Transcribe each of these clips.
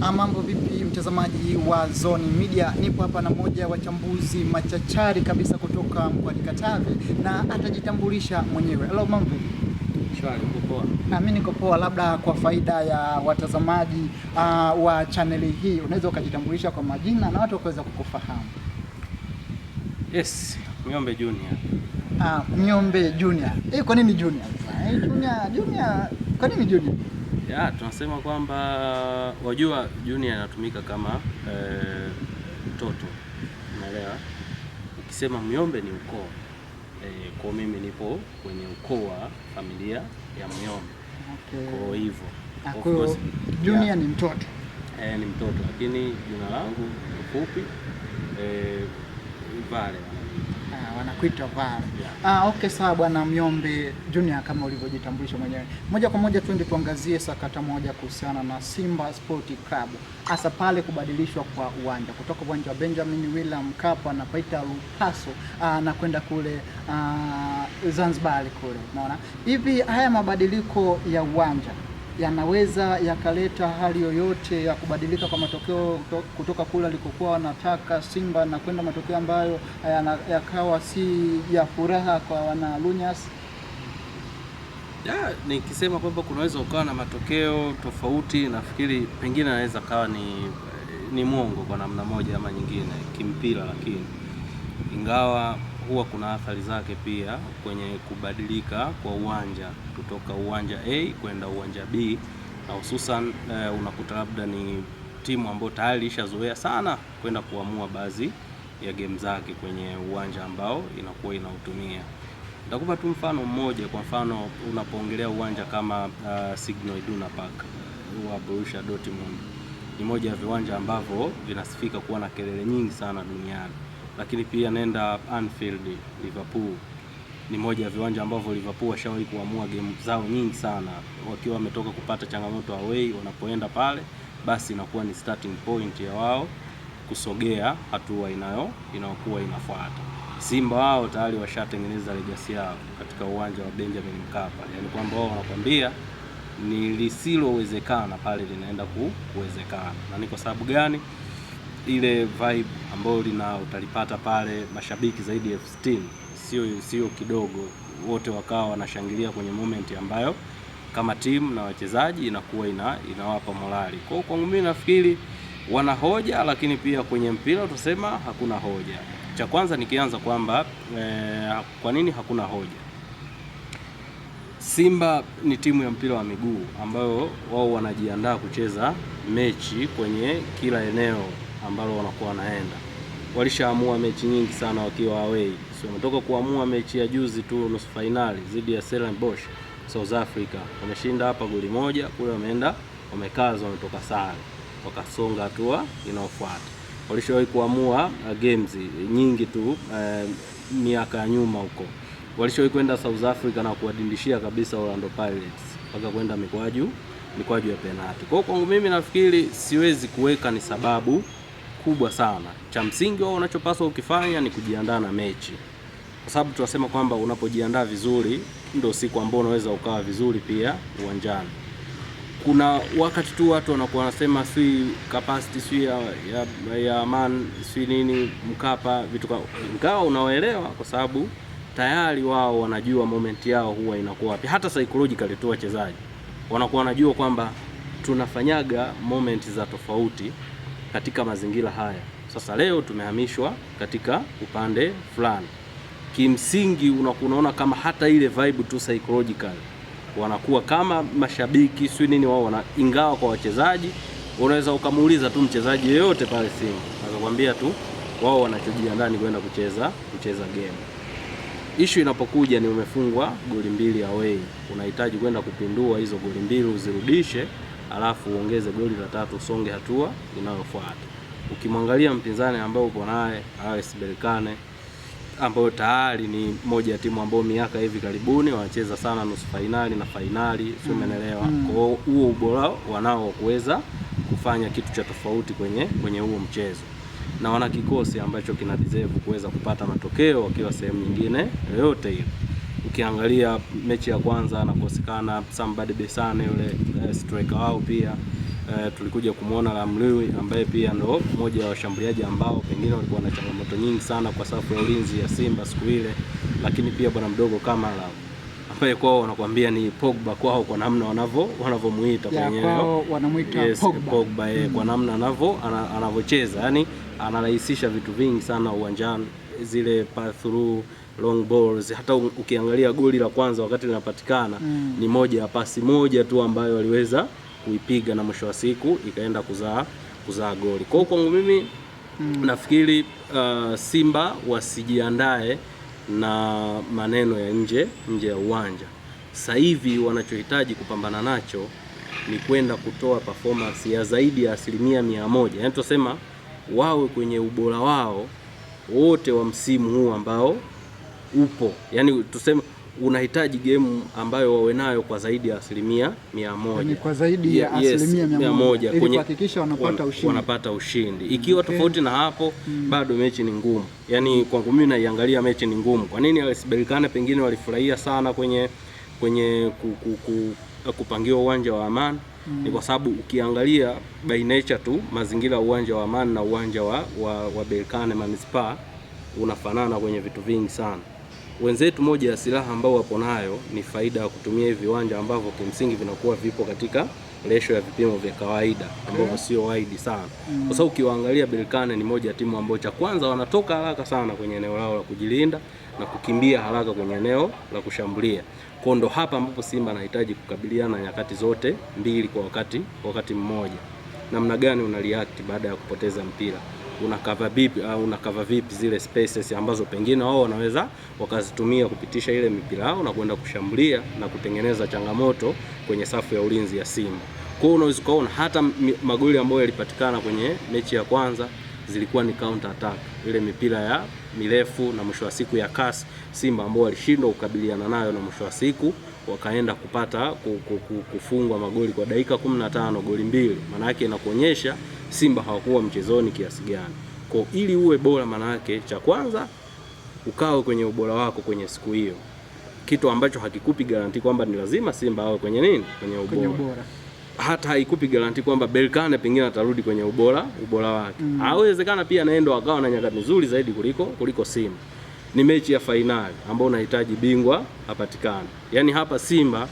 Ah, mambo vipi, mtazamaji wa Zone Media, nipo hapa na mmoja wachambuzi machachari kabisa kutoka mkoani Katavi na atajitambulisha mwenyewe. Hello, mambo Na ah, mimi niko poa. Labda kwa faida ya watazamaji uh, wa chaneli hii unaweza ukajitambulisha kwa majina na watu wakaweza kukufahamu. Yes, Myombe Junior. Ah, Myombe Junior. Eh, kwa nini Junior? Eh, Junior, Junior. Kwa nini Junior? ya tunasema kwamba wajua, junior anatumika kama eh, mtoto unaelewa. Ukisema Myombe ni ukoo eh, kwa mimi nipo kwenye ukoo wa familia ya Myombe okay. Kwa hivyo junior yeah, ni mtoto eh, ni mtoto lakini jina langu fupi eh, Vale Ah, wanakuita wanakuita Yeah. Ah, okay sawa bwana Myombe Junior kama ulivyojitambulisha mwenyewe. Moja kwa moja twende tuangazie sakata moja kuhusiana na Simba Sport Club. Hasa pale kubadilishwa kwa uwanja kutoka uwanja wa Benjamin William Mkapa na paita Lupaso ah, na kwenda kule ah, Zanzibar kule. Unaona? Hivi haya mabadiliko ya uwanja yanaweza yakaleta hali yoyote ya kubadilika kwa matokeo kutoka kule alikokuwa wanataka Simba na kwenda matokeo ambayo yakawa si ya furaha kwa Ya, Nikisema kwamba kunaweza ukawa na matokeo tofauti, nafikiri pengine anaweza kawa ni ni mwongo kwa namna moja ama nyingine kimpira, lakini ingawa huwa kuna athari zake pia kwenye kubadilika kwa uwanja kutoka uwanja A kwenda uwanja B, na hususan uh, unakuta labda ni timu ambayo tayari ishazoea sana kwenda kuamua baadhi ya game zake kwenye uwanja ambao inakuwa inautumia. Nitakupa tu mfano mmoja. Kwa mfano unapoongelea uwanja kama uh, Signal Iduna Park wa Borussia Dortmund, ni moja ya viwanja ambavyo vinasifika kuwa na kelele nyingi sana duniani lakini pia nenda Anfield Liverpool. Ni moja ya viwanja ambavyo Liverpool washawahi kuamua game zao nyingi sana, wakiwa wametoka kupata changamoto away. Wanapoenda pale, basi inakuwa ni starting point ya wao kusogea hatua inayo inayokuwa inafuata. Simba wao tayari washatengeneza legacy yao katika uwanja wa Benjamin Mkapa, yaani kwamba wao wanakwambia ni lisilowezekana pale linaenda kuwezekana, na ni kwa sababu gani? ile vibe ambayo lina utalipata pale, mashabiki zaidi ya elfu sitini sio sio kidogo, wote wakawa wanashangilia kwenye moment ambayo kama timu na wachezaji inakuwa ina, inawapa morali. Kwa hiyo kwangu mimi nafikiri wana hoja, lakini pia kwenye mpira utasema hakuna hoja. Cha kwanza nikianza kwamba eh, kwa nini hakuna hoja? Simba ni timu ya mpira wa miguu ambayo wao wanajiandaa kucheza mechi kwenye kila eneo ambalo wanakuwa wanaenda. Walishaamua mechi nyingi sana wakiwa away, so wametoka kuamua mechi ya juzi tu nusu finali dhidi ya Stellenbosch South Africa, wameshinda hapa goli moja, kule wameenda wamekaza, wametoka sare, wakasonga hatua inayofuata. Walishawahi kuamua uh, games nyingi tu uh, miaka ya nyuma huko walishawahi kwenda South Africa na kuwadindishia kabisa Orlando Pirates mpaka kwenda mikwaju mikwaju ya penalti. Kwa hiyo kwangu mimi nafikiri siwezi kuweka ni sababu kikubwa sana. Cha msingi wao unachopaswa ukifanya ni kujiandaa na mechi, kwa sababu tunasema kwamba unapojiandaa vizuri ndio siku ambayo unaweza ukawa vizuri pia uwanjani. Kuna wakati tu watu wanakuwa wanasema si capacity si ya, ya, ya man si nini Mkapa vitu ingawa unaoelewa kwa sababu tayari wao wanajua moment yao huwa inakuwa wapi. Hata psychologically tu wachezaji wanakuwa wanajua kwamba tunafanyaga moment za tofauti katika mazingira haya. Sasa leo tumehamishwa katika upande fulani, kimsingi unakunaona kama hata ile vibe tu psychological wanakuwa kama mashabiki sio nini wao wana, ingawa kwa wachezaji unaweza ukamuuliza tu mchezaji yeyote pale simu akakwambia tu wao wanachojiandaa ni kwenda kucheza kucheza game. Ishu inapokuja ni umefungwa goli mbili away, unahitaji kwenda kupindua hizo goli mbili uzirudishe alafu uongeze goli la tatu usonge hatua inayofuata. Ukimwangalia mpinzani ambaye uko naye AS Berkane ambayo tayari ni moja ya timu ambayo miaka hivi karibuni wanacheza sana nusu fainali na fainali, sio umeelewa? Mm. mm. Kwa huo ubora wanao kuweza kufanya kitu cha tofauti kwenye kwenye huo mchezo, na wana kikosi ambacho kina deserve kuweza kupata matokeo wakiwa sehemu nyingine yoyote hiyo ukiangalia mechi ya kwanza anakosekana Sambad Besane yule uh, striker wao pia uh, tulikuja kumwona Lamliwi ambaye pia ndo mmoja wa washambuliaji ambao pengine walikuwa na changamoto nyingi sana kwa safu ya ulinzi ya Simba siku ile, lakini pia bwana mdogo kama la ambaye kwao wanakuambia ni Pogba kwao kwa namna wanavyo wanavyomuita kwao wanamuita yes, Pogba, Pogba eh, mm. kwa namna anavyo anavyocheza yani anarahisisha vitu vingi sana uwanjani, zile pass through long balls. Hata ukiangalia goli la kwanza wakati linapatikana mm. ni moja ya pasi moja tu ambayo aliweza kuipiga na mwisho wa siku ikaenda kuzaa kuzaa goli. Kwa hiyo kwangu mimi mm. nafikiri uh, Simba wasijiandae na maneno ya nje nje ya uwanja. Sasa hivi wanachohitaji kupambana nacho ni kwenda kutoa performance ya zaidi ya asilimia mia moja, yaani tusema wawe kwenye ubora wao wote wa msimu huu ambao upo, yaani tuseme unahitaji game ambayo wawe nayo kwa zaidi ya asilimia mia moja yaani kwa zaidi ya asilimia mia moja ili kuhakikisha wanapata ushindi, wanapata ushindi. Ikiwa mm, okay, tofauti na hapo mm, bado mechi ni ngumu. Yaani kwangu mimi naiangalia mechi ni ngumu. Kwa nini AS Berkane pengine walifurahia sana kwenye kwenye ku, ku, ku, kupangiwa uwanja wa Amani mm, ni kwa sababu ukiangalia by nature tu mazingira ya uwanja wa Amani na uwanja wa, wa, wa Berkane Manispaa unafanana kwenye vitu vingi sana wenzetu, moja ya silaha ambao wapo nayo ni faida ya kutumia hivi viwanja ambavyo kimsingi vinakuwa vipo katika lesho ya vipimo vya kawaida ambao mm. sio waidi sana, kwa mm. sababu ukiwaangalia Berkane ni moja ya timu ambayo cha kwanza wanatoka haraka sana kwenye eneo lao la kujilinda na kukimbia haraka kwenye eneo la kushambulia. Kwa ndo hapa ambapo Simba anahitaji kukabiliana nyakati zote mbili kwa wakati, kwa wakati mmoja. Namna gani una baada ya kupoteza mpira? unakava vipi au unakava vipi zile spaces ambazo pengine wao wanaweza wakazitumia kupitisha ile mipira yao na kwenda kushambulia na kutengeneza changamoto kwenye safu ya ulinzi ya Simba. Kwa hiyo unaweza kuona hata magoli ambayo yalipatikana kwenye mechi ya kwanza zilikuwa ni counter attack, ile mipira ya mirefu na mwisho wa siku ya kasi Simba ambao walishindwa kukabiliana nayo na mwisho wa siku wakaenda kupata kufungwa magoli kwa dakika 15 goli mbili, maana yake inakuonyesha Simba hawakuwa mchezoni kiasi gani. Kwa ili uwe bora, maana yake cha kwanza ukawe kwenye ubora wako kwenye siku hiyo, kitu ambacho hakikupi garanti kwamba ni lazima Simba awe kwenye nini, kwenye ubora, kwenye ubora. Hata haikupi garanti kwamba Berkane pengine atarudi kwenye ubora ubora wake mm. Awezekana pia naendo akawa na nyakati nzuri zaidi kuliko kuliko Simba. Ni mechi ya fainali ambayo unahitaji bingwa apatikane, yaani hapa Simba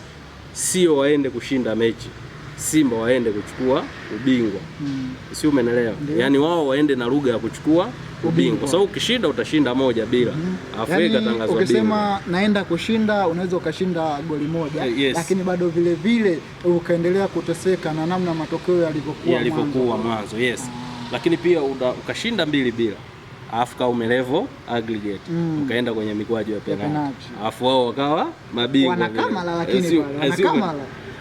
sio waende kushinda mechi Simba waende kuchukua ubingwa mm. si umenelewa? Yaani wao waende na lugha ya kuchukua ubingwa kwa sababu so, ukishinda utashinda moja bila mm Afrika yani, tangazwa ukisema naenda kushinda unaweza ukashinda goli moja eh, yes. Lakini bado vile vile ukaendelea kuteseka na namna matokeo yalivyokuwa yalivyokuwa mwanzo yes ah. Lakini pia uda, ukashinda mbili bila alafu kama umelevo aggregate mm. ukaenda kwenye mikwaju ya penalti afu wao wakawa mabingwa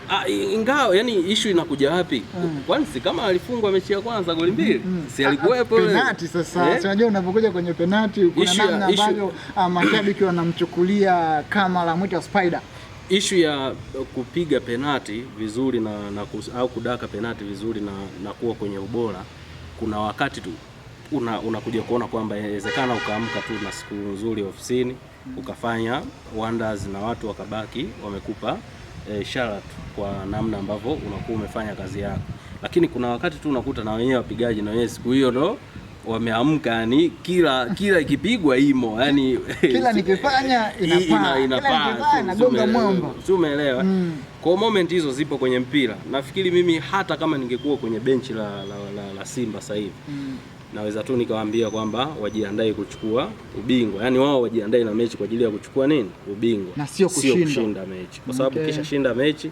Ah, ingawa yani issue inakuja wapi? Mm. Kwani si kama alifungwa mechi ya kwanza goli hmm. mbili? Mm. Si alikuwepo yule. Ah, ah, penalty sasa. Yeah. Unajua unapokuja kwenye penalty kuna namna ambayo mashabiki wanamchukulia kama la mwita spider. Issue ya kupiga penalty vizuri na, na au kudaka penalty vizuri na, na kuwa kwenye ubora kuna wakati tu unakuja kuona kwamba inawezekana ukaamka tu na siku nzuri ofisini ukafanya wonders na watu wakabaki wamekupa e, eh, sharat kwa namna ambavyo unakuwa umefanya kazi yako, lakini kuna wakati tu unakuta na wenyewe wapigaji na wenyewe siku hiyo ndo wameamka yani, kila kila ikipigwa imo yani, kila nikifanya inapaa inapaa, nagonga mwamba, si umeelewa? Mm. Kwa moment hizo zipo kwenye mpira. Nafikiri mimi hata kama ningekuwa kwenye benchi la, la, la, la Simba sasa hivi mm naweza tu nikawaambia kwamba wajiandae kuchukua ubingwa, yaani wao wajiandae na mechi kwa ajili ya kuchukua nini, ubingwa na sio kushinda, kushinda mechi kwa sababu okay. Kisha shinda mechi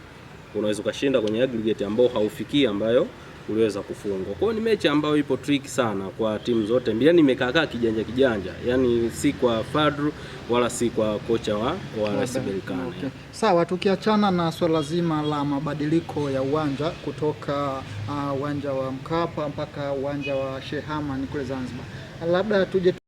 unaweza ukashinda kwenye aggregate ambao haufikii ambayo uliweza kufungwa. Kwa hiyo ni mechi ambayo ipo trick sana kwa timu zote mbili, yani imekaakaa kijanja kijanja, yani si kwa Fadru wala si kwa kocha wa RS Berkane. Okay. Sawa, tukiachana na swala zima la mabadiliko ya uwanja kutoka uh, uwanja uh, wa Mkapa mpaka uwanja wa shehama ni kule Zanzibar, labda tuje